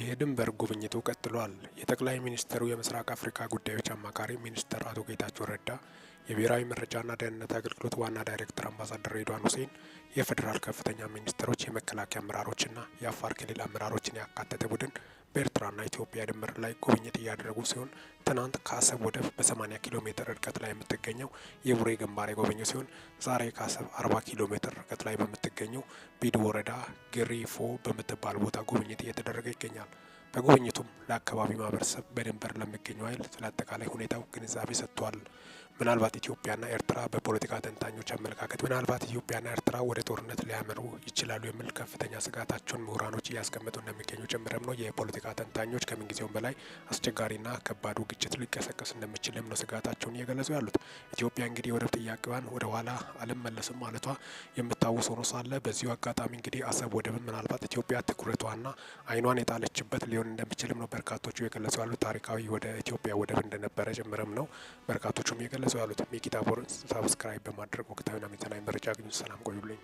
የድንበር ጉብኝቱ ቀጥሏል። የጠቅላይ ሚኒስትሩ የምስራቅ አፍሪካ ጉዳዮች አማካሪ ሚኒስትር አቶ ጌታቸው ረዳ የብሔራዊ መረጃና ደህንነት አገልግሎት ዋና ዳይሬክተር አምባሳደር ሬድዋን ሁሴን የፌዴራል ከፍተኛ ሚኒስትሮች፣ የመከላከያ አመራሮችና የአፋር ክልል አመራሮችን ያካተተ ቡድን በኤርትራና ኢትዮጵያ ድንበር ላይ ጉብኝት እያደረጉ ሲሆን ትናንት ከአሰብ ወደብ በ80 ኪሎ ሜትር ርቀት ላይ የምትገኘው የቡሬ ግንባር የጎበኘ ሲሆን ዛሬ ከአሰብ 40 ኪሎ ሜትር ርቀት ላይ በምትገኘው ቢድ ወረዳ ግሪፎ በምትባል ቦታ ጉብኝት እየተደረገ ይገኛል። በጉብኝቱም ለአካባቢ ማህበረሰብ በድንበር ለሚገኘው ኃይል ስለ አጠቃላይ ሁኔታው ግንዛቤ ሰጥቷል። ምናልባት ኢትዮጵያና ኤርትራ በፖለቲካ ተንታኞች አመለካከት ምናልባት ኢትዮጵያና ኤርትራ ወደ ጦርነት ሊያመሩ ይችላሉ የሚል ከፍተኛ ስጋታቸውን ምሁራኖች እያስቀመጡ እንደሚገኙ ጭምርም ነው። የፖለቲካ ተንታኞች ከምንጊዜውም በላይ አስቸጋሪና ከባዱ ግጭት ሊቀሰቀስ እንደሚችልም ነው ስጋታቸውን እየገለጹ ያሉት። ኢትዮጵያ እንግዲህ የወደብ ጥያቄዋን ወደ ኋላ አልመለስም ማለቷ የምታወስ ሆኖ ሳለ በዚሁ አጋጣሚ እንግዲህ አሰብ ወደብን ምናልባት ኢትዮጵያ ትኩረቷና አይኗን የጣለችበት ሊሆን እንደሚችልም ነው በርካቶቹ የገለጹ ያሉት። ታሪካዊ ወደ ኢትዮጵያ ወደብ እንደነበረ ጭምርም ነው በርካቶቹም የገለጹ ገጹ ያሉት ሚኪታቦርን ሳብስክራይብ በማድረግ ወቅታዊና ሚዛናዊ መረጃ አግኙ። ሰላም ቆዩልኝ።